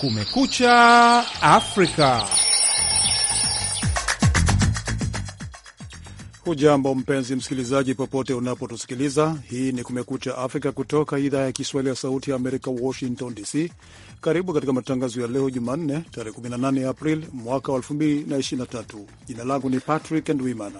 Kumekucha Afrika. Hujambo mpenzi msikilizaji, popote unapotusikiliza. Hii ni Kumekucha Afrika kutoka idhaa ya Kiswahili ya Sauti ya Amerika, Washington DC. Karibu katika matangazo ya leo Jumanne, tarehe 18 Aprili mwaka wa 2023. Jina langu ni Patrick Ndwimana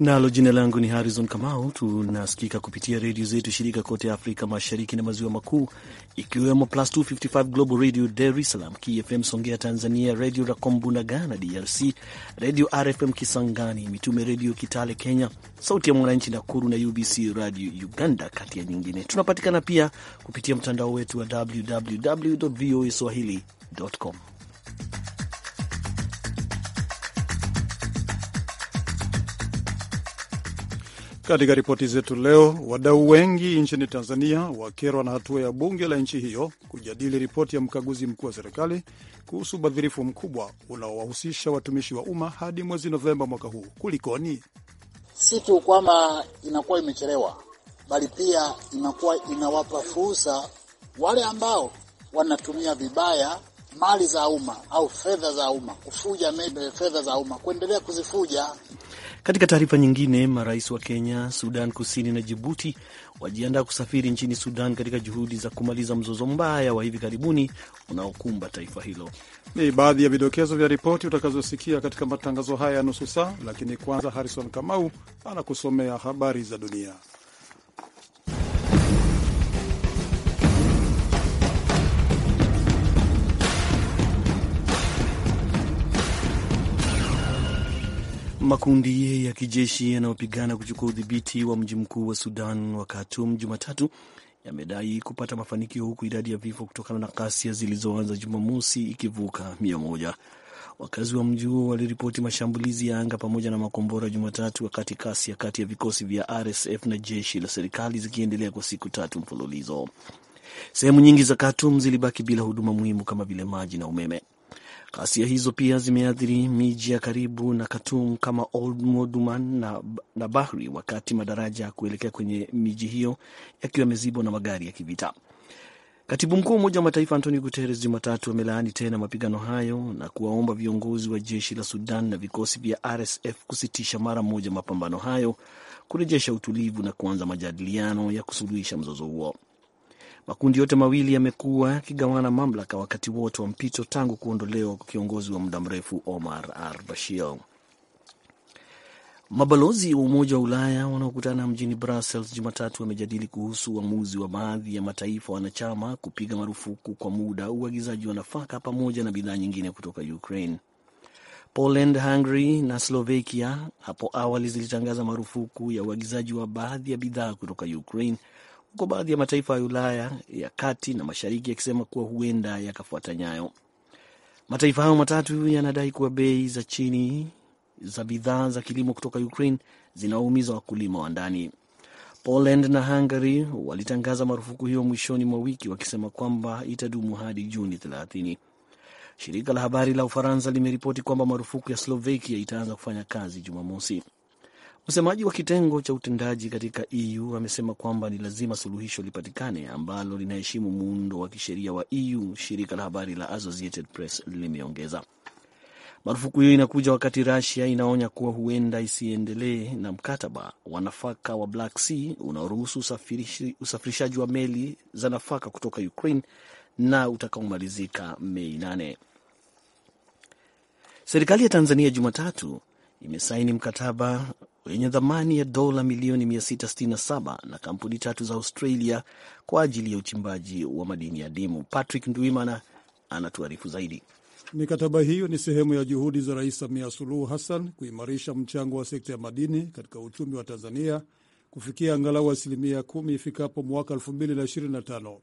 Nalo jina langu ni Harrison Kamau. Tunasikika kupitia redio zetu shirika kote Afrika Mashariki na Maziwa Makuu, ikiwemo Plus 255 Global Radio Dar es Salaam, KFM Songea Tanzania, Redio na Ghana DRC, Redio RFM Kisangani, Mitume Redio Kitale Kenya, Sauti ya Mwananchi Nakuru na UBC Radio Uganda, kati ya nyingine. Tunapatikana pia kupitia mtandao wetu wa www voa swahili.com. Katika ripoti zetu leo, wadau wengi nchini Tanzania wakerwa na hatua ya bunge la nchi hiyo kujadili ripoti ya mkaguzi mkuu wa serikali kuhusu ubadhirifu mkubwa unaowahusisha watumishi wa umma hadi mwezi Novemba mwaka huu. Kulikoni? Si tu kwamba inakuwa imechelewa, bali pia inakuwa inawapa fursa wale ambao wanatumia vibaya mali za umma au fedha za umma, kufuja fedha za umma, kuendelea kuzifuja. Katika taarifa nyingine, marais wa Kenya, Sudan Kusini na Jibuti wajiandaa kusafiri nchini Sudan katika juhudi za kumaliza mzozo mbaya wa hivi karibuni unaokumba taifa hilo. Ni baadhi ya vidokezo vya ripoti utakazosikia katika matangazo haya ya nusu saa, lakini kwanza Harrison Kamau anakusomea habari za dunia. Makundi ya kijeshi yanayopigana kuchukua udhibiti wa mji mkuu wa Sudan wa Khartoum Jumatatu yamedai kupata mafanikio huku idadi ya vifo kutokana na ghasia zilizoanza Jumamosi ikivuka mia moja. Wakazi wa mji huo waliripoti mashambulizi ya anga pamoja na makombora Jumatatu, wakati ghasia kati ya vikosi vya RSF na jeshi la serikali zikiendelea kwa siku tatu mfululizo. Sehemu nyingi za Khartoum zilibaki bila huduma muhimu kama vile maji na umeme. Ghasia hizo pia zimeathiri miji ya karibu na Khartoum kama Old Omdurman na, na Bahri, wakati madaraja kuelekea kwenye miji hiyo yakiwa yamezibwa na magari ya kivita. Katibu mkuu wa Umoja wa Mataifa Antonio Guterres Jumatatu amelaani tena mapigano hayo na kuwaomba viongozi wa jeshi la Sudan na vikosi vya RSF kusitisha mara moja mapambano hayo, kurejesha utulivu na kuanza majadiliano ya kusuluhisha mzozo huo. Makundi yote mawili yamekuwa yakigawana mamlaka wakati wote wa mpito tangu kuondolewa kwa kiongozi wa muda mrefu Omar al-Bashir. Mabalozi wa Umoja wa Ulaya wanaokutana mjini Brussels Jumatatu wamejadili kuhusu uamuzi wa, wa baadhi ya mataifa wanachama kupiga marufuku kwa muda uagizaji wa nafaka pamoja na bidhaa nyingine kutoka Ukraine. Poland, Hungary na Slovakia hapo awali zilitangaza marufuku ya uagizaji wa baadhi ya bidhaa kutoka Ukraine huko baadhi ya mataifa ya Ulaya ya kati na mashariki yakisema kuwa huenda yakafuata nyayo. Mataifa hayo matatu yanadai kuwa bei za chini za bidhaa za kilimo kutoka Ukraine zinawaumiza wakulima wa ndani. Poland na Hungary walitangaza marufuku hiyo mwishoni mwa wiki wakisema kwamba itadumu hadi Juni 30. Shirika la habari la Ufaransa limeripoti kwamba marufuku ya Slovakia itaanza kufanya kazi Jumamosi. Msemaji wa kitengo cha utendaji katika EU amesema kwamba ni lazima suluhisho lipatikane ambalo linaheshimu muundo wa kisheria wa EU, shirika la habari la Associated Press limeongeza. Marufuku hiyo inakuja wakati Russia inaonya kuwa huenda isiendelee na mkataba wa nafaka wa Black Sea unaoruhusu usafirishaji wa meli za nafaka kutoka Ukraine na utakaomalizika Mei nane. Serikali ya Tanzania Jumatatu imesaini mkataba yenye thamani ya dola milioni 667 na kampuni tatu za Australia kwa ajili ya uchimbaji wa madini ya dimu. Patrick Ndwimana anatuarifu zaidi. Mikataba hiyo ni sehemu ya juhudi za Rais Samia Suluhu Hassan kuimarisha mchango wa sekta ya madini katika uchumi wa Tanzania kufikia angalau asilimia kumi ifikapo mwaka 2025.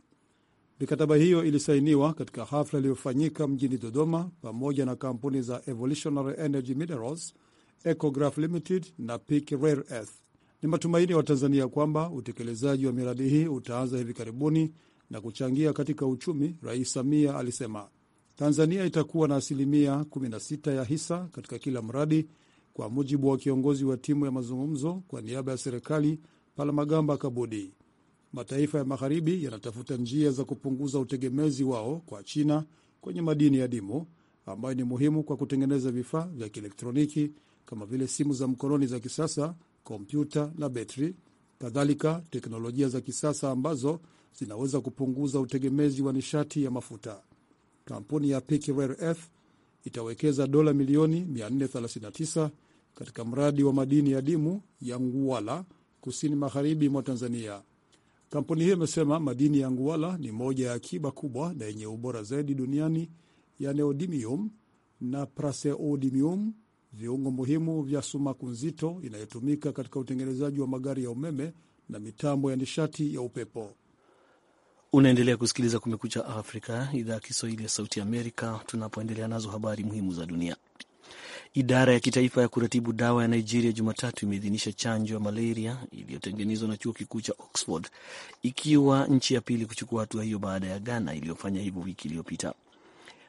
Mikataba hiyo ilisainiwa katika hafla iliyofanyika mjini Dodoma pamoja na kampuni za Evolutionary Energy Minerals Ecograph Limited na Peak Rare Earth. Ni matumaini ya Watanzania kwamba utekelezaji wa miradi hii utaanza hivi karibuni na kuchangia katika uchumi, Rais Samia alisema. Tanzania itakuwa na asilimia 16 ya hisa katika kila mradi, kwa mujibu wa kiongozi wa timu ya mazungumzo kwa niaba ya serikali, Palamagamba Kabudi. Mataifa ya Magharibi yanatafuta njia za kupunguza utegemezi wao kwa China kwenye madini ya dimo ambayo ni muhimu kwa kutengeneza vifaa vya kielektroniki kama vile simu za mkononi za kisasa, kompyuta na betri, kadhalika teknolojia za kisasa ambazo zinaweza kupunguza utegemezi wa nishati ya mafuta. Kampuni ya Peak Rare Earth itawekeza dola milioni 439 katika mradi wa madini ya dimu ya nguala kusini magharibi mwa Tanzania. Kampuni hiyo imesema madini ya nguala ni moja ya akiba kubwa na yenye ubora zaidi duniani ya neodymium na praseodymium viungo muhimu vya sumaku nzito inayotumika katika utengenezaji wa magari ya umeme na mitambo ya nishati ya upepo. Unaendelea kusikiliza Kumekucha Afrika, idhaa ya Kiswahili ya Sauti Amerika, tunapoendelea nazo habari muhimu za dunia. Idara ya kitaifa ya kuratibu dawa ya Nigeria Jumatatu imeidhinisha chanjo ya malaria iliyotengenezwa na chuo kikuu cha Oxford, ikiwa nchi ya pili kuchukua hatua hiyo baada ya Ghana iliyofanya hivyo wiki iliyopita.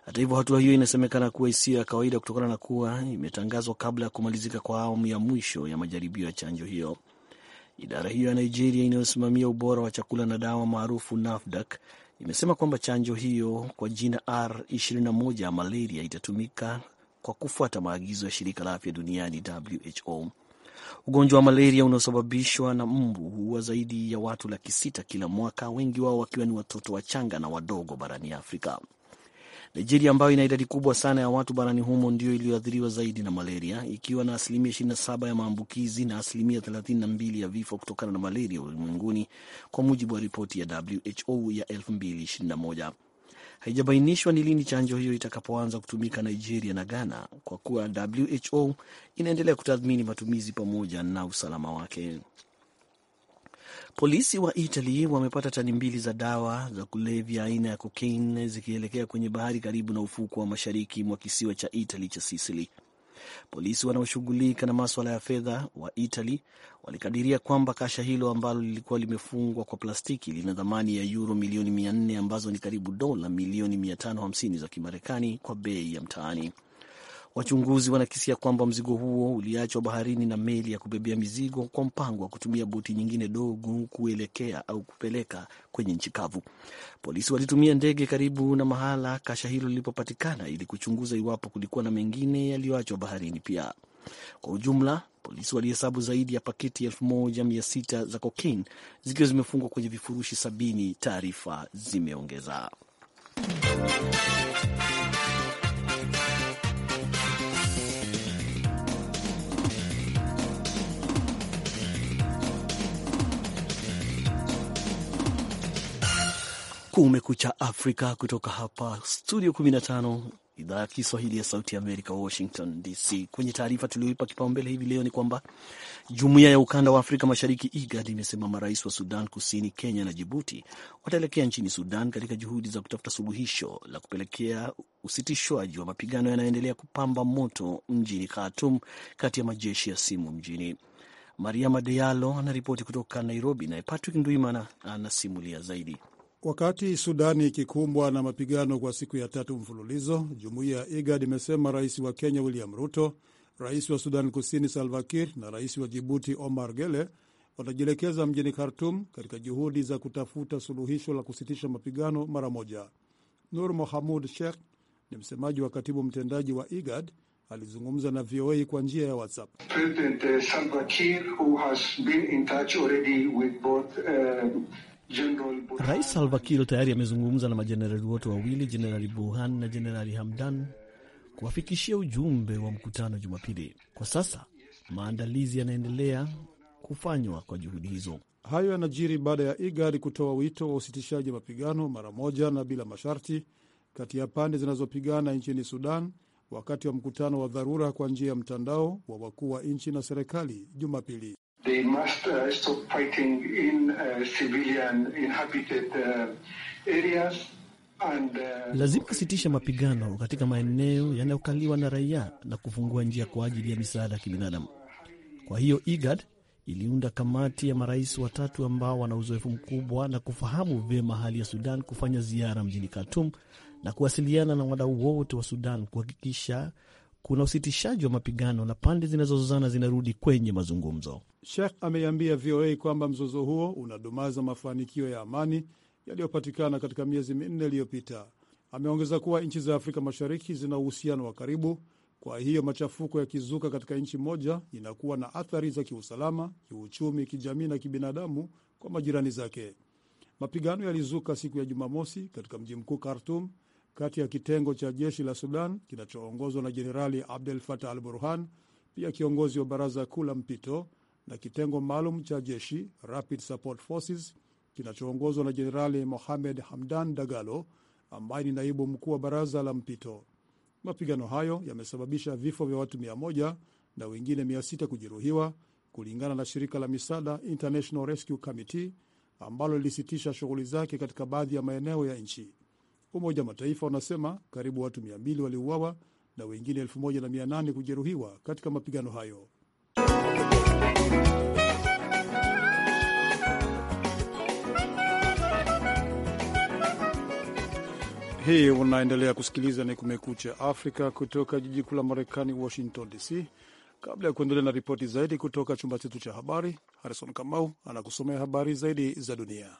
Hata hivyo, hatua hiyo inasemekana kuwa isiyo ya kawaida kutokana na kuwa imetangazwa kabla ya kumalizika kwa awamu ya mwisho ya majaribio ya chanjo hiyo. Idara hiyo ya Nigeria inayosimamia ubora wa chakula na dawa maarufu NAFDAC imesema kwamba chanjo hiyo kwa jina R21 ya malaria itatumika kwa kufuata maagizo ya shirika la afya duniani WHO. Ugonjwa wa malaria unaosababishwa na mbu huua zaidi ya watu laki sita kila mwaka, wengi wao wakiwa ni watoto wachanga na wadogo barani Afrika. Nigeria ambayo ina idadi kubwa sana ya watu barani humo ndio iliyoathiriwa zaidi na malaria ikiwa na asilimia 27 ya maambukizi na asilimia 32 ya vifo kutokana na malaria ulimwenguni, kwa mujibu wa ripoti ya WHO ya 2021. Haijabainishwa ni lini chanjo hiyo itakapoanza kutumika Nigeria na Ghana, kwa kuwa WHO inaendelea kutathmini matumizi pamoja na usalama wake. Polisi wa itali wamepata tani mbili za dawa za kulevya aina ya kokaini zikielekea kwenye bahari karibu na ufuko wa mashariki mwa kisiwa cha Italy cha Sisili. Polisi wanaoshughulika na maswala ya fedha wa itali walikadiria kwamba kasha hilo ambalo lilikuwa limefungwa kwa plastiki lina thamani ya yuro milioni 4 ambazo ni karibu dola milioni 550 za Kimarekani kwa bei ya mtaani. Wachunguzi wanakisia kwamba mzigo huo uliachwa baharini na meli ya kubebea mizigo kwa mpango wa kutumia boti nyingine dogo kuelekea au kupeleka kwenye nchi kavu. Polisi walitumia ndege karibu na mahala kasha hilo lilipopatikana ili kuchunguza iwapo kulikuwa na mengine yaliyoachwa baharini pia. Kwa ujumla, polisi walihesabu zaidi ya paketi 1600 za kokaini zikiwa zimefungwa kwenye vifurushi sabini, taarifa zimeongeza. Kumekucha Afrika kutoka hapa studio 15 idhaa ya Kiswahili ya Sauti ya Amerika, Washington DC. Kwenye taarifa tulioipa kipaumbele hivi leo ni kwamba jumuiya ya ukanda wa Afrika Mashariki, IGAD, imesema marais wa Sudan Kusini, Kenya na Jibuti wataelekea nchini Sudan katika juhudi za kutafuta suluhisho la kupelekea usitishwaji wa mapigano yanayoendelea kupamba moto mjini Khartoum kati ya majeshi ya simu mjini. Mariama Diallo anaripoti kutoka Nairobi, naye Patrick Ndwimana anasimulia zaidi. Wakati Sudani ikikumbwa na mapigano kwa siku ya tatu mfululizo, jumuiya ya IGAD imesema rais wa Kenya William Ruto, rais wa Sudan Kusini Salva Kiir na rais wa Jibuti Omar Gele watajielekeza mjini Khartum katika juhudi za kutafuta suluhisho la kusitisha mapigano mara moja. Nur Mohamud Sheikh ni msemaji wa katibu mtendaji wa IGAD alizungumza na VOA kwa njia ya WhatsApp. President eh, Salva Kiir who has been in touch already with both uh, Rais Salva Kiir tayari amezungumza na majenerali wote wawili, Jenerali Burhan na Jenerali Hamdan, kuwafikishia ujumbe wa mkutano Jumapili. Kwa sasa maandalizi yanaendelea kufanywa kwa juhudi hizo. Hayo yanajiri baada ya IGAD kutoa wito wa usitishaji wa mapigano mara moja na bila masharti kati ya pande zinazopigana nchini Sudan wakati wa mkutano wa dharura kwa njia ya mtandao wa wakuu wa nchi na serikali Jumapili. They must uh, stop fighting in uh, civilian inhabited uh, areas and, uh, lazima kusitisha mapigano katika maeneo yanayokaliwa na raia na kufungua njia kwa ajili ya misaada ya kibinadamu. Kwa hiyo IGAD iliunda kamati ya marais watatu ambao wana uzoefu mkubwa na kufahamu vyema hali ya Sudan kufanya ziara mjini Khartoum na kuwasiliana na wadau wote wa Sudan kuhakikisha kuna usitishaji wa mapigano na pande zinazozozana zinarudi kwenye mazungumzo. Sheikh ameiambia VOA kwamba mzozo huo unadumaza mafanikio ya amani yaliyopatikana katika miezi minne iliyopita. Ameongeza kuwa nchi za Afrika Mashariki zina uhusiano wa karibu, kwa hiyo machafuko yakizuka katika nchi moja inakuwa na athari za kiusalama, kiuchumi, kijamii na kibinadamu kwa majirani zake. Mapigano yalizuka siku ya Jumamosi katika mji mkuu Khartum kati ya kitengo cha jeshi la Sudan kinachoongozwa na Jenerali Abdel fatah al Burhan, pia kiongozi wa baraza kuu la mpito, na kitengo maalum cha jeshi Rapid Support Forces kinachoongozwa na Jenerali Mohamed Hamdan Dagalo ambaye ni naibu mkuu wa baraza la mpito. Mapigano hayo yamesababisha vifo vya watu 100 na wengine 600 kujeruhiwa kulingana na shirika la misaada International Rescue Committee ambalo lilisitisha shughuli zake katika baadhi ya maeneo ya nchi. Umoja wa Mataifa unasema karibu watu 200 waliuawa na wengine 1800 kujeruhiwa katika mapigano hayo. Hii unaendelea kusikiliza ni Kumekucha Afrika kutoka jiji kuu la Marekani, Washington DC. Kabla ya kuendelea na ripoti zaidi kutoka chumba chetu cha habari, Harrison Kamau anakusomea habari zaidi za dunia.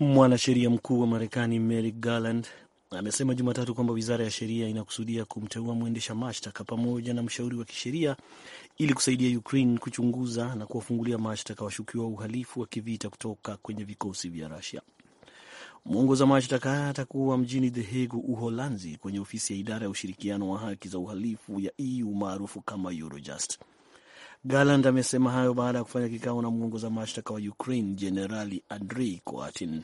Mwanasheria mkuu wa Marekani Merrick Garland amesema Jumatatu kwamba wizara ya sheria inakusudia kumteua mwendesha mashtaka pamoja na mshauri wa kisheria ili kusaidia Ukraine kuchunguza na kuwafungulia mashtaka washukiwa uhalifu wa kivita kutoka kwenye vikosi vya Rusia. Mwongoza mashtaka atakuwa mjini The Hague, Uholanzi, kwenye ofisi ya idara ya ushirikiano wa haki za uhalifu ya EU maarufu kama Eurojust. Garland amesema hayo baada ya kufanya kikao na mwongoza mashtaka wa Ukraine Jenerali Andrei Koatin.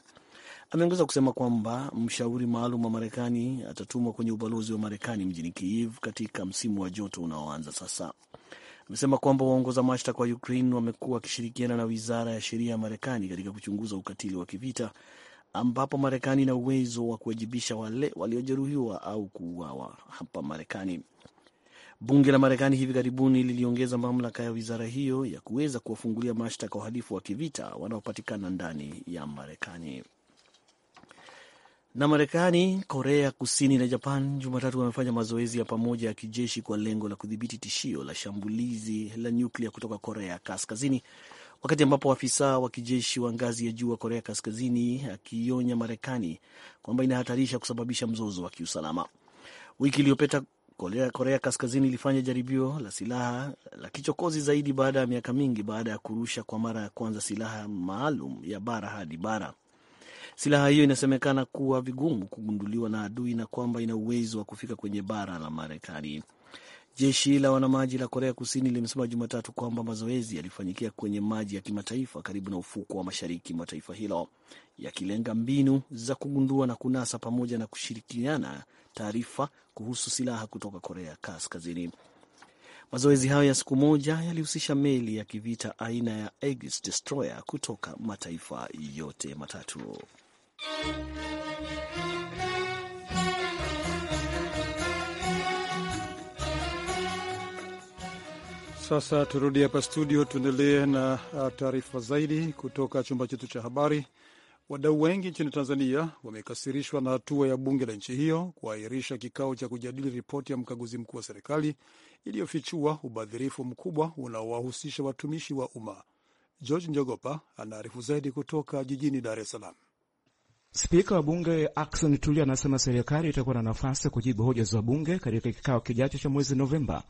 Ameongeza kusema kwamba mshauri maalum wa Marekani atatumwa kwenye ubalozi wa Marekani mjini Kiev katika msimu wa joto unaoanza sasa. Amesema kwamba waongoza mashtaka wa Ukraine wamekuwa wakishirikiana na wizara ya sheria ya Marekani katika kuchunguza ukatili wa kivita, ambapo Marekani ina uwezo wa kuwajibisha wale waliojeruhiwa au kuuawa hapa Marekani. Bunge la Marekani hivi karibuni liliongeza mamlaka ya wizara hiyo ya kuweza kuwafungulia mashtaka wahalifu wa kivita wanaopatikana ndani ya Marekani. Na Marekani, Korea Kusini na Japan Jumatatu wamefanya mazoezi ya pamoja ya kijeshi kwa lengo la kudhibiti tishio la shambulizi la nyuklia kutoka Korea Kaskazini, wakati ambapo afisa wa kijeshi wa ngazi ya juu wa Korea Kaskazini akionya Marekani kwamba inahatarisha kusababisha mzozo wa kiusalama. Wiki iliyopita Korea, Korea Kaskazini ilifanya jaribio la silaha la kichokozi zaidi baada ya miaka mingi baada ya kurusha kwa mara ya kwanza silaha maalum ya bara hadi bara. Silaha hiyo inasemekana kuwa vigumu kugunduliwa na adui na kwamba ina uwezo wa kufika kwenye bara la Marekani. Jeshi la wanamaji la Korea Kusini limesema Jumatatu kwamba mazoezi yalifanyikia kwenye maji ya kimataifa karibu na ufuko wa mashariki mwa taifa hilo, yakilenga mbinu za kugundua na kunasa pamoja na kushirikiana taarifa kuhusu silaha kutoka Korea Kaskazini. Mazoezi hayo ya siku moja yalihusisha meli ya kivita aina ya Aegis Destroyer kutoka mataifa yote matatu. Sasa turudi hapa studio, tuendelee na uh, taarifa zaidi kutoka chumba chetu cha habari. Wadau wengi nchini Tanzania wamekasirishwa na hatua ya bunge la nchi hiyo kuahirisha kikao cha kujadili ripoti ya mkaguzi mkuu wa serikali iliyofichua ubadhirifu mkubwa unaowahusisha watumishi wa umma. George Njogopa anaarifu zaidi kutoka jijini Dar es Salaam. Spika wa Bunge Akson Tuli anasema serikali itakuwa na nafasi ya kujibu hoja za bunge katika kikao kijacho cha mwezi Novemba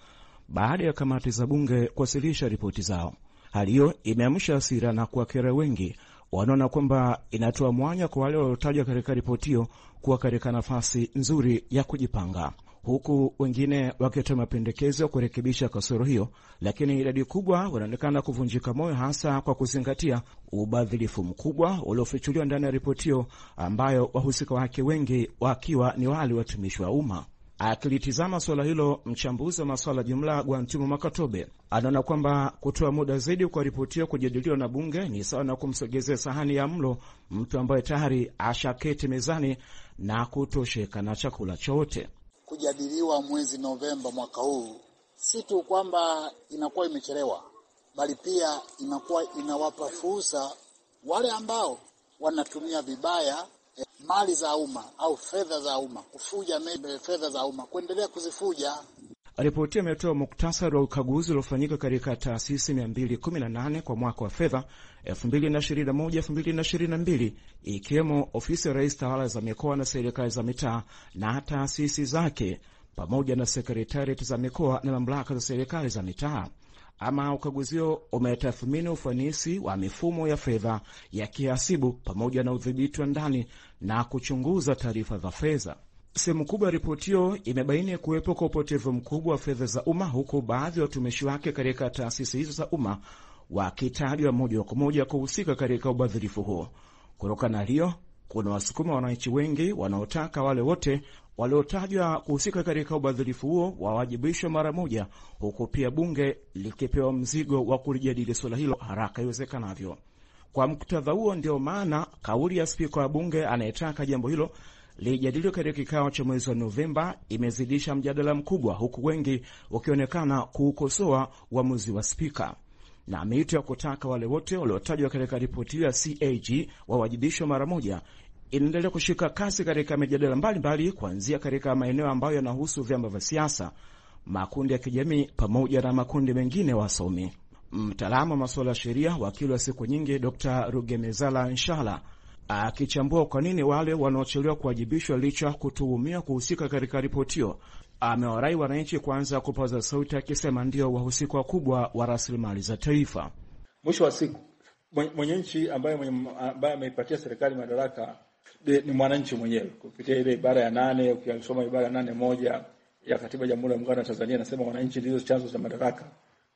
baada ya kamati za bunge kuwasilisha ripoti zao. Hali hiyo imeamsha hasira na kuwakera wengi wanaona kwamba inatoa mwanya kwa wale waliotajwa katika ripoti hiyo kuwa katika nafasi nzuri ya kujipanga, huku wengine wakitoa mapendekezo ya kurekebisha kasoro hiyo. Lakini idadi kubwa wanaonekana kuvunjika moyo, hasa kwa kuzingatia ubadhilifu mkubwa uliofichuliwa ndani ya ripoti hiyo, ambayo wahusika wake wengi wakiwa ni wale watumishi wa umma. Akilitizama suala hilo, mchambuzi wa masuala jumla Gwantumo Makatobe anaona kwamba kutoa muda zaidi kwa ripoti hiyo kujadiliwa na bunge ni sawa na kumsogezea sahani ya mlo mtu ambaye tayari ashaketi mezani na kutosheka na chakula chote. Kujadiliwa mwezi Novemba mwaka huu, si tu kwamba inakuwa imechelewa, bali pia inakuwa inawapa fursa wale ambao wanatumia vibaya mali za umma au fedha za umma, kufuja fedha za umma, kuendelea kuzifuja. Ripoti imetoa muktasari wa ukaguzi uliofanyika katika taasisi 218 kwa mwaka wa fedha 2021-2022 ikiwemo ofisi ya Rais, tawala za mikoa na serikali za mitaa na taasisi zake, pamoja na sekretariat za mikoa na mamlaka za serikali za mitaa ama ukaguzi huo umetathmini ufanisi wa mifumo ya fedha ya kihasibu pamoja na udhibiti wa ndani na kuchunguza taarifa za fedha. Sehemu kubwa ya ripoti hiyo imebaini kuwepo kwa upotevu mkubwa wa fedha za umma, huku baadhi ya watumishi wake katika taasisi hizo za umma wakitajwa moja kwa moja kuhusika katika ubadhirifu huo. Kutokana na hiyo, kuna wasukuma wananchi wengi wanaotaka wale wote waliotajwa kuhusika katika ubadhirifu huo wawajibishwe mara moja, huku pia bunge likipewa mzigo wa kulijadili suala hilo haraka iwezekanavyo. Kwa muktadha huo, ndio maana kauli ya spika wa bunge anayetaka jambo hilo lijadiliwe katika kikao cha mwezi wa Novemba imezidisha mjadala mkubwa, huku wengi wakionekana kuukosoa uamuzi wa spika na miito ya kutaka wale wote waliotajwa katika ripoti hiyo ya CAG wawajibishwe mara moja inaendelea kushika kasi katika mijadala mbalimbali, kuanzia katika maeneo ambayo yanahusu vyama vya siasa, makundi ya kijamii, pamoja na makundi mengine wasomi. Mtaalamu wa masuala ya sheria, wakili wa siku nyingi, Dr Rugemezala Nshala akichambua kwa nini wale wanaochelewa kuwajibishwa licha kutuhumiwa kuhusika katika ripoti hiyo, amewarai wananchi kuanza kupaza sauti, akisema ndio wahusika wakubwa wa rasilimali za taifa. Mwisho wa siku mwenye nchi ambaye ameipatia serikali madaraka ni mwananchi mwenyewe kupitia ile ibara ya nane. Ukisoma ibara ya nane moja ya katiba ya Jamhuri ya Muungano wa Tanzania nasema wananchi ndizo chanzo cha madaraka.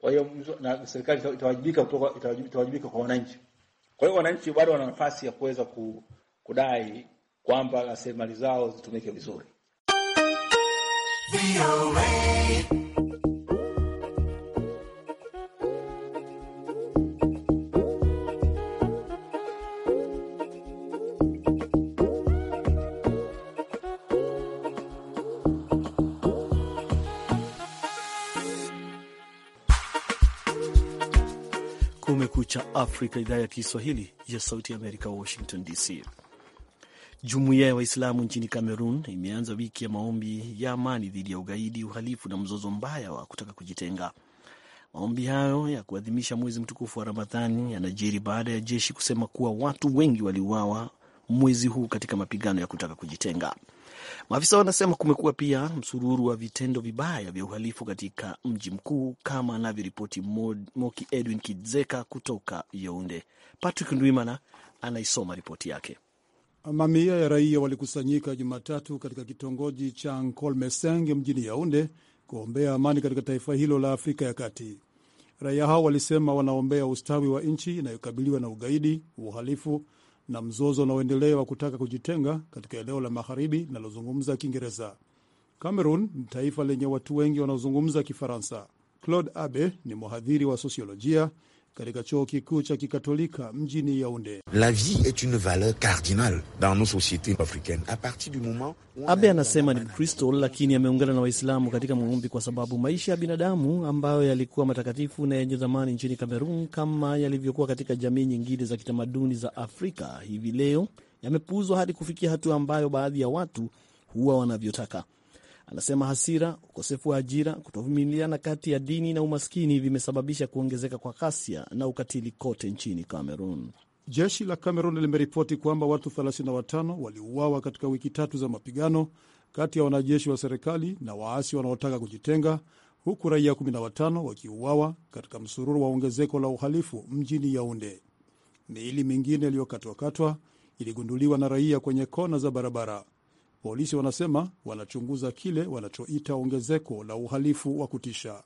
Kwa hiyo na serikali itawajibika kutoka itawajibika kwa wananchi. Kwa hiyo wananchi bado wana nafasi ya kuweza kudai kwamba rasilimali zao zitumike vizuri. Kumekucha Afrika, idhaa ya Kiswahili ya Sauti ya Amerika, Washington DC. Jumuiya ya Waislamu nchini Cameroon imeanza wiki ya maombi ya amani dhidi ya ugaidi, uhalifu na mzozo mbaya wa kutaka kujitenga. Maombi hayo ya kuadhimisha mwezi mtukufu wa Ramadhani yanajiri baada ya jeshi kusema kuwa watu wengi waliuawa mwezi huu katika mapigano ya kutaka kujitenga. Maafisa wanasema kumekuwa pia msururu wa vitendo vibaya vya uhalifu katika mji mkuu, kama anavyoripoti Moki Edwin Kidzeka kutoka younde Patrick Ndwimana anaisoma ripoti yake. Mamia ya raia walikusanyika Jumatatu katika kitongoji cha Nkolmeseng mjini Yaunde kuombea amani katika taifa hilo la Afrika ya Kati. Raia hao walisema wanaombea ustawi wa nchi inayokabiliwa na ugaidi, uhalifu na mzozo unaoendelea wa kutaka kujitenga katika eneo la magharibi linalozungumza Kiingereza. Cameroon ni taifa lenye watu wengi wanaozungumza Kifaransa. Claude Abe ni mhadhiri wa sosiolojia katika chuo kikuu cha kikatolika mjini Yaunde. La vie est une valeur cardinale dans nos africaines a partir du moment. Abe anasema ni Mkristo lakini ameungana na Waislamu katika maombi kwa sababu maisha ya binadamu ambayo yalikuwa matakatifu na yenye dhamani nchini Kamerun kama yalivyokuwa katika jamii nyingine za kitamaduni za Afrika hivi leo yamepuuzwa hadi kufikia hatua ambayo baadhi ya watu huwa wanavyotaka. Anasema hasira, ukosefu wa ajira, kutovumiliana kati ya dini na umaskini vimesababisha kuongezeka kwa ghasia na ukatili kote nchini Cameroon. Jeshi la Cameroon limeripoti kwamba watu 35 waliuawa katika wiki tatu za mapigano kati ya wanajeshi wa serikali na waasi wanaotaka kujitenga, huku raia 15 wakiuawa katika msururu wa ongezeko la uhalifu mjini Yaunde. Miili mingine iliyokatwakatwa iligunduliwa na raia kwenye kona za barabara. Polisi wanasema wanachunguza kile wanachoita ongezeko la uhalifu wa kutisha.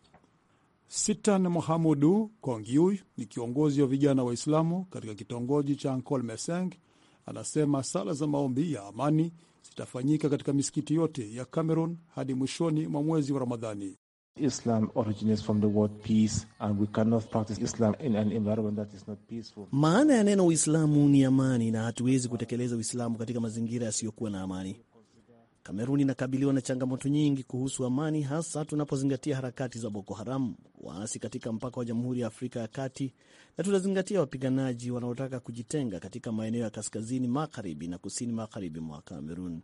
Sitan Mohamudu Kongiuy ni kiongozi wa vijana Waislamu katika kitongoji cha Ankol Meseng. Anasema sala za maombi ya amani zitafanyika katika misikiti yote ya Cameroon hadi mwishoni mwa mwezi wa Ramadhani. Maana ya neno Uislamu ni amani, na hatuwezi kutekeleza Uislamu katika mazingira yasiyokuwa na amani. Kameruni inakabiliwa na changamoto nyingi kuhusu amani, hasa tunapozingatia harakati za Boko Haram, waasi katika mpaka wa Jamhuri ya Afrika ya Kati, na tunazingatia wapiganaji wanaotaka kujitenga katika maeneo ya kaskazini magharibi na kusini magharibi mwa Kamerun.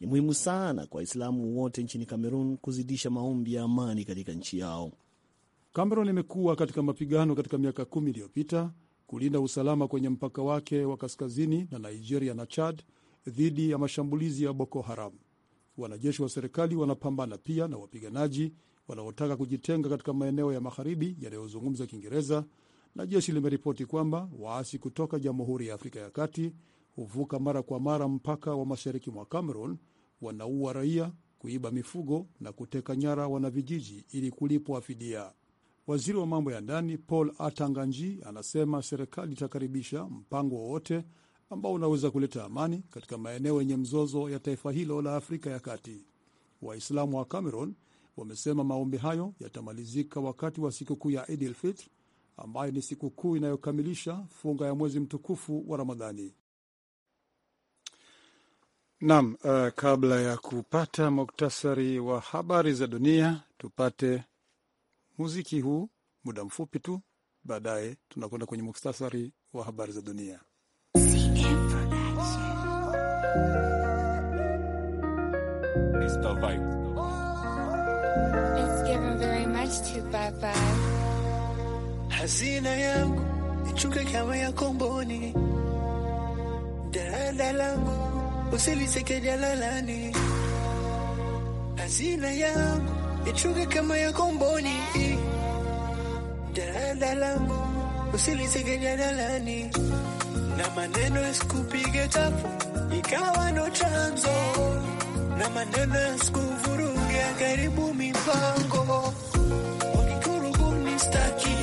Ni muhimu sana kwa Waislamu wote nchini Kamerun kuzidisha maombi ya amani katika nchi yao. Kamerun imekuwa katika mapigano katika miaka kumi iliyopita kulinda usalama kwenye mpaka wake wa kaskazini na Nigeria na Chad dhidi ya mashambulizi ya Boko Haram. Wanajeshi wa serikali wanapambana pia na wapiganaji wanaotaka kujitenga katika maeneo ya magharibi yanayozungumza Kiingereza, na jeshi limeripoti kwamba waasi kutoka Jamhuri ya Afrika ya Kati huvuka mara kwa mara mpaka wa mashariki mwa Cameroon, wanaua raia, kuiba mifugo na kuteka nyara wanavijiji ili kulipwa fidia. Waziri wa mambo ya ndani Paul Atanganji anasema serikali itakaribisha mpango wowote ambao unaweza kuleta amani katika maeneo yenye mzozo ya taifa hilo la Afrika ya Kati. Waislamu wa Cameroon wamesema maombi hayo yatamalizika wakati wa sikukuu ya Idil Fitr ambayo ni sikukuu inayokamilisha funga ya mwezi mtukufu wa Ramadhani. Naam, uh, kabla ya kupata muktasari wa habari za dunia, tupate muziki huu muda mfupi tu, baadaye tunakwenda kwenye muktasari wa habari za dunia. It's the vibe. It's given very much to baba. Hazina yangu ichuke kama ya komboni, dalala langu usiliseke jalalani. Hazina yangu ichuke kama ya komboni, dalala langu usilisige jadalani na maneno yasikupige tafu ikawa ndo chanzo, na maneno yasikuvuruge karibu mipango wakikurubu mnistaki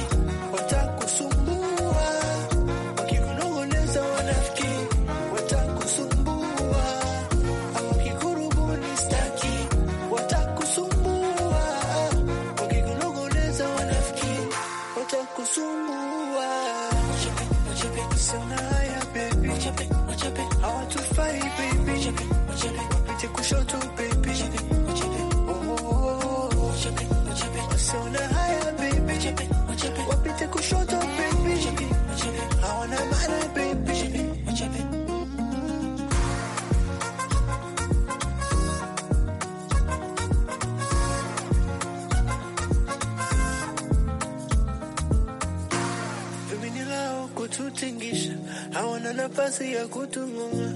na nafasi ya kutungoa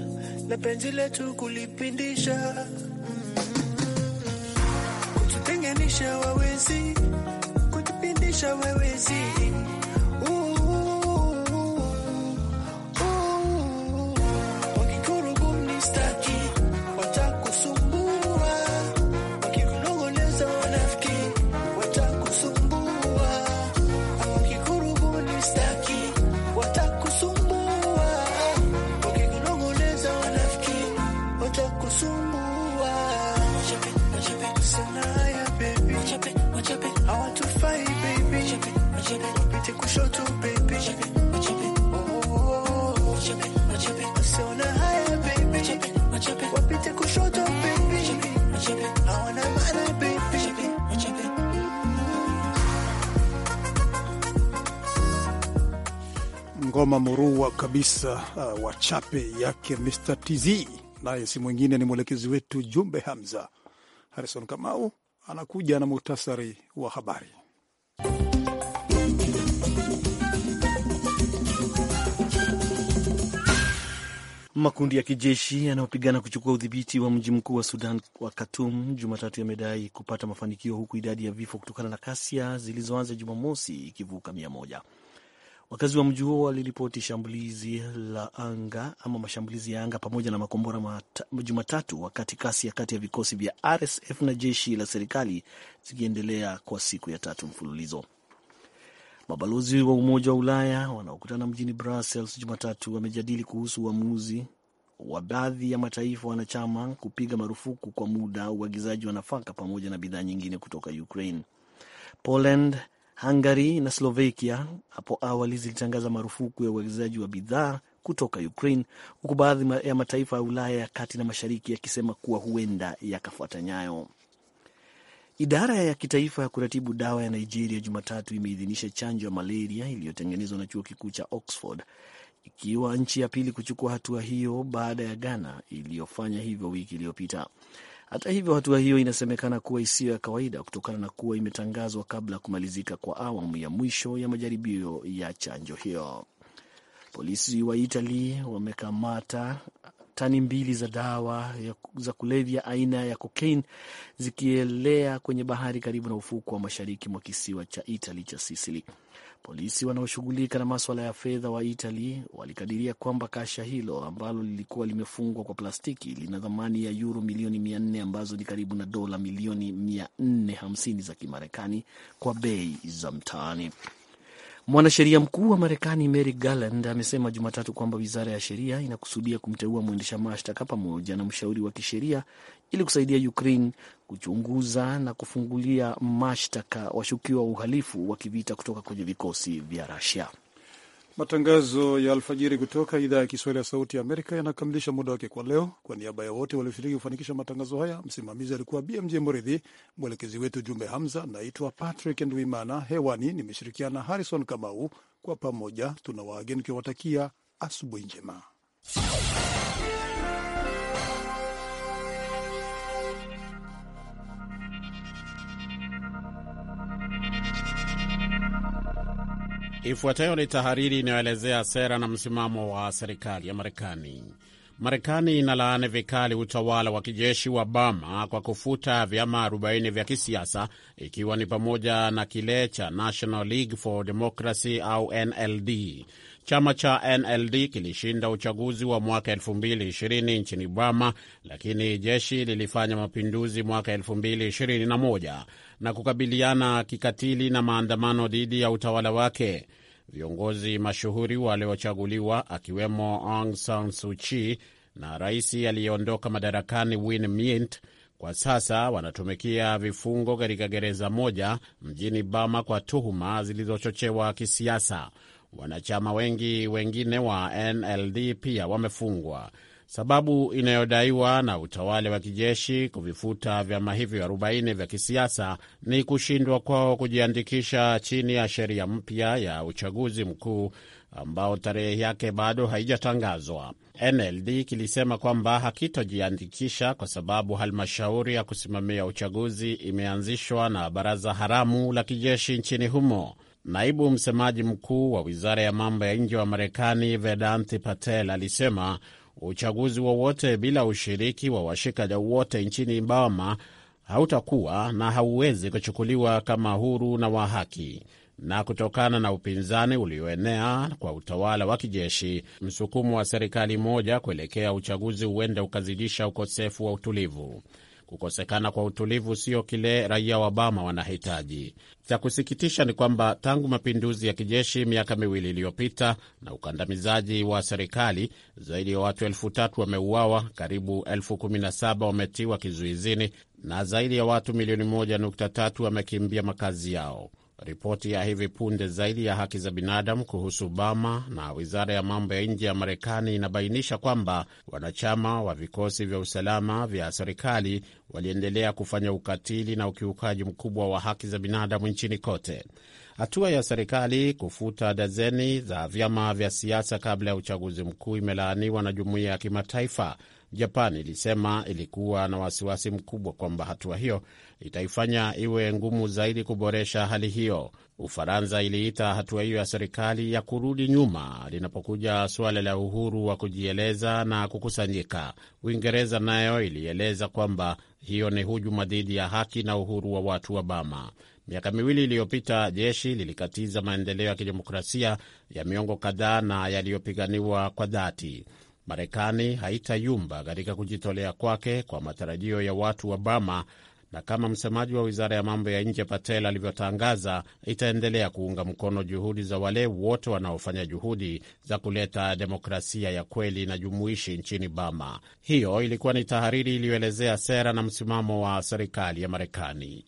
na penzi letu kulipindisha, kututenganisha wawezi, kutupindisha wawezi ngoma murua kabisa uh, wa chape yake Mr TZ, naye si mwingine ni mwelekezi wetu Jumbe Hamza. harison Kamau anakuja na muhtasari wa habari. Makundi ya kijeshi yanayopigana kuchukua udhibiti wa mji mkuu wa Sudan wa Khartoum Jumatatu yamedai kupata mafanikio huku idadi ya vifo kutokana na kasia zilizoanza Jumamosi ikivuka mia moja. Wakazi wa mji huo waliripoti shambulizi la anga ama mashambulizi ya anga pamoja na makombora Jumatatu, wakati kasi ya kati ya vikosi vya RSF na jeshi la serikali zikiendelea kwa siku ya tatu mfululizo. Mabalozi wa Umoja wa Ulaya wanaokutana mjini Brussels Jumatatu wamejadili kuhusu uamuzi wa baadhi ya mataifa wanachama kupiga marufuku kwa muda uagizaji wa nafaka pamoja na bidhaa nyingine kutoka Ukraine. Poland Hungary na Slovakia hapo awali zilitangaza marufuku ya uagizaji wa bidhaa kutoka Ukraine, huku baadhi ya mataifa ya Ulaya ya kati na mashariki yakisema kuwa huenda yakafuata nyayo. Idara ya kitaifa ya kuratibu dawa ya Nigeria Jumatatu imeidhinisha chanjo ya malaria iliyotengenezwa na chuo kikuu cha Oxford, ikiwa nchi ya pili kuchukua hatua hiyo baada ya Ghana iliyofanya hivyo wiki iliyopita. Hata hivyo, hatua hiyo inasemekana kuwa isiyo ya kawaida kutokana na kuwa imetangazwa kabla ya kumalizika kwa awamu ya mwisho ya majaribio ya chanjo hiyo. Polisi wa itali wamekamata tani mbili za dawa za kulevya aina ya kokain zikielea kwenye bahari karibu na ufuko wa mashariki mwa kisiwa cha Itali cha Sisili. Polisi wanaoshughulika na maswala ya fedha wa itali walikadiria kwamba kasha hilo ambalo lilikuwa limefungwa kwa plastiki lina thamani ya yuro milioni mia nne ambazo ni karibu na dola milioni hamsini za Kimarekani kwa bei za mtaani. Mwanasheria mkuu wa Marekani Mary Garland amesema Jumatatu kwamba wizara ya sheria inakusudia kumteua mwendesha mashtaka pamoja na mshauri wa kisheria ili kusaidia Ukraine kuchunguza na kufungulia mashtaka washukiwa wa uhalifu wa kivita kutoka kwenye vikosi vya Rusia. Matangazo ya alfajiri kutoka idhaa ya Kiswahili ya Sauti ya Amerika yanakamilisha muda wake kwa leo. Kwa niaba ya wote walioshiriki kufanikisha matangazo haya, msimamizi alikuwa BMJ mridhi mwelekezi wetu Jumbe Hamza. Naitwa Patrick Ndwimana, hewani nimeshirikiana na Harrison Kamau. Kwa pamoja tuna waageni ukiwatakia asubuhi njema. Ifuatayo ni tahariri inayoelezea sera na msimamo wa serikali ya Marekani. Marekani inalaani vikali utawala wa kijeshi wa bama kwa kufuta vyama 40 vya kisiasa ikiwa ni pamoja na kile cha National League for Democracy au NLD. Chama cha NLD kilishinda uchaguzi wa mwaka 2020 nchini Bama, lakini jeshi lilifanya mapinduzi mwaka 2021 na kukabiliana kikatili na maandamano dhidi ya utawala wake. Viongozi mashuhuri waliochaguliwa akiwemo Aung San Suu Kyi na rais aliyeondoka madarakani Win Myint kwa sasa wanatumikia vifungo katika gereza moja mjini Bama kwa tuhuma zilizochochewa kisiasa. Wanachama wengi wengine wa NLD pia wamefungwa sababu inayodaiwa na utawala wa kijeshi kuvifuta vyama hivyo 40 vya kisiasa ni kushindwa kwao kujiandikisha chini ya sheria mpya ya uchaguzi mkuu ambao tarehe yake bado haijatangazwa. NLD kilisema kwamba hakitojiandikisha kwa sababu halmashauri ya kusimamia uchaguzi imeanzishwa na baraza haramu la kijeshi nchini humo. Naibu msemaji mkuu wa wizara ya mambo ya nje wa Marekani, Vedanti Patel, alisema uchaguzi wowote bila ushiriki wa washikadau wote nchini bama hautakuwa na hauwezi kuchukuliwa kama huru na wa haki. Na kutokana na upinzani ulioenea kwa utawala wa kijeshi, msukumo wa serikali moja kuelekea uchaguzi huenda ukazidisha ukosefu wa utulivu. Kukosekana kwa utulivu sio kile raia wa bama wanahitaji. Cha kusikitisha ni kwamba tangu mapinduzi ya kijeshi miaka miwili iliyopita na ukandamizaji wa serikali, zaidi ya watu elfu tatu wameuawa, karibu elfu kumi na saba wametiwa kizuizini na zaidi ya watu milioni moja nukta tatu wamekimbia makazi yao. Ripoti ya hivi punde zaidi ya haki za binadamu kuhusu Bama na wizara ya mambo ya nje ya Marekani inabainisha kwamba wanachama wa vikosi vya usalama vya serikali waliendelea kufanya ukatili na ukiukaji mkubwa wa haki za binadamu nchini kote. Hatua ya serikali kufuta dazeni za vyama vya siasa kabla ya uchaguzi mkuu imelaaniwa na jumuiya ya kimataifa. Japan ilisema ilikuwa na wasiwasi mkubwa kwamba hatua hiyo itaifanya iwe ngumu zaidi kuboresha hali hiyo. Ufaransa iliita hatua hiyo ya serikali ya kurudi nyuma linapokuja suala la uhuru wa kujieleza na kukusanyika. Uingereza nayo ilieleza kwamba hiyo ni hujuma dhidi ya haki na uhuru wa watu wa Bama. Miaka miwili iliyopita jeshi lilikatiza maendeleo ya kidemokrasia ya miongo kadhaa na yaliyopiganiwa kwa dhati. Marekani haitayumba katika kujitolea kwake kwa matarajio ya watu wa Bama na kama msemaji wa wizara ya mambo ya nje Patel alivyotangaza, itaendelea kuunga mkono juhudi za wale wote wanaofanya juhudi za kuleta demokrasia ya kweli na jumuishi nchini bama Hiyo ilikuwa ni tahariri iliyoelezea sera na msimamo wa serikali ya Marekani.